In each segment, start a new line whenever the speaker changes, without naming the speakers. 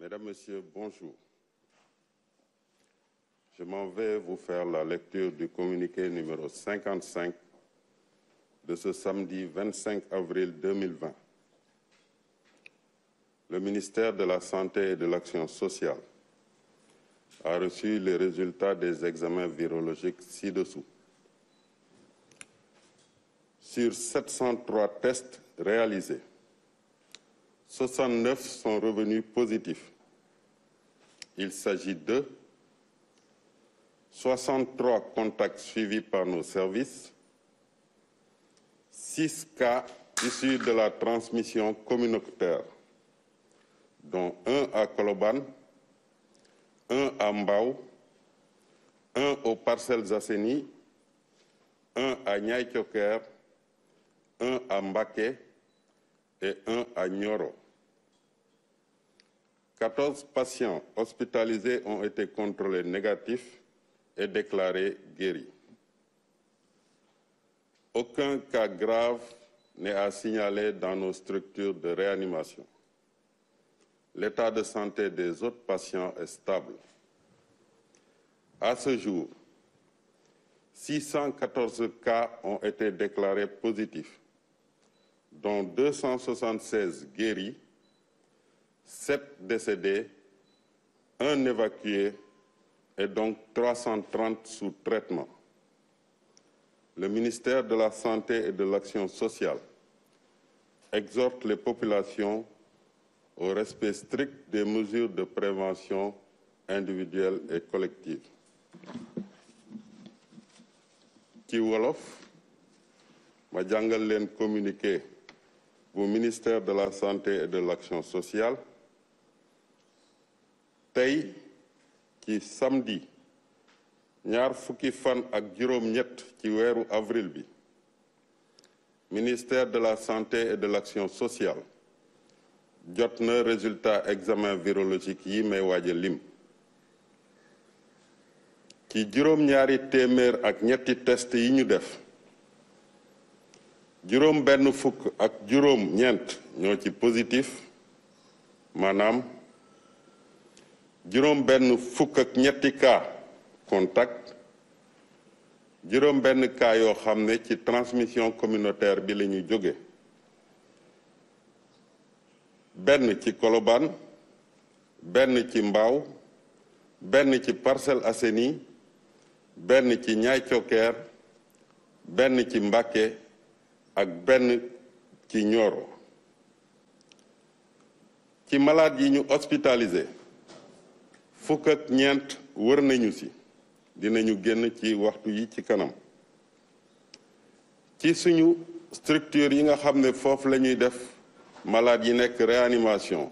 Mesdames, Messieurs, bonjour. Je m'en vais vous la lecture du communiqué numéro 55 de ce samedi 25 avril 2020. Le ministère de la Santé de l'Action sociale a les résultats des examens virologiques ci-dessous. sur 703 tests réalisés, 69 sont revenus positifs. Il s'agit de 63 contacts suivis par nos de la transmission communautaire, dont un à Koloban, un un aux Parcelles à Niaï-Thioker un à Mbaké et un à Nioro. 14 patients hospitalisés ont été contrôlés négatifs et déclarés guéris. Aucun cas grave n'est à signaler dans nos structures de réanimation. L'état de santé des autres patients est stable. À ce jour, 614 cas ont été déclarés positifs dont 276 guéris, 7 décédés, un évacué et donc 330 sous traitement. Le ministère de la Santé et de l'Action sociale exhorte les populations au respect strict des mesures de prévention individuelle et collective. ci wolof ma jàngal leen communiqué ministère de la santé et de l'action sociale tey ci samedi ñaar fukki fan ak juróom-ñett ci weeru avril bi ministère de la santé et de l'action sociale jot na résultat examen virologique yi may waaja lim ci juróom-ñaari téeméer ak ñetti test yi ñu def juróom benn fukk ak juróom ñeent ñoo ci positif maanaam juróom benn fukk ak ñetti cas contact juróom benn cas yoo xam ne ci transmission communautaire bi la jóge benn ci Colobane benn ci Mbao benn ci parcelle Assainies benn ci Niayes Thioker benn ci Mbacké ak benn ci Nioro ci malaat yi ñu hospitalisé fukk ñeent wër nañu si dinañu génn ci waxtu yi ci kanam ci suñu structure yi nga xam ne foofu la ñuy def malade yi nekk réanimation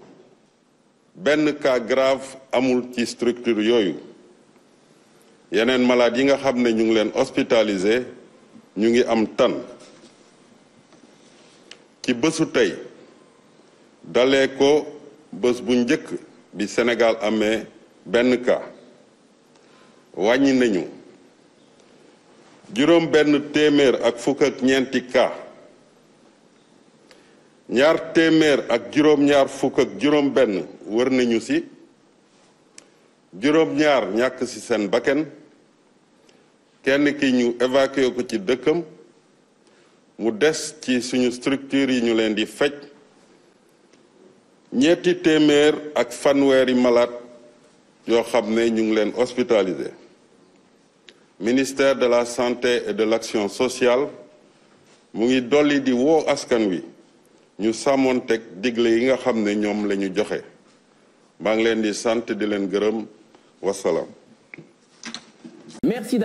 benn cas grave amul ci structure yooyu yeneen malaat yi nga xam ne ñu ngi leen hospitalisé ñu ngi am tan ci bésu tey dalee bés bu njëkk bi Sénégal amee benn ka wàññi nañu juróom benn téeméer ak fukk ak ñeenti cas ñaar téeméer ak juróom-ñaar fukk ak juróom benn wër nañu ci juróom-ñaar ñàkk ci seen bakken kenn ki ñu évacué ko ci dëkkam mu des ci suñu structure yi ñu leen di faj ñeeti téeméer ak fanweeri malaat yoo xam ne ñu ngi leen hospitalisé ministère de la santé et de l'action sociale mu ngi dolli di woo askan wi ñu sàmmoonteeg digle yi nga xam ne ñoom la ñu joxe maa ngi leen di sant di leen gërëm wasalaam. Merci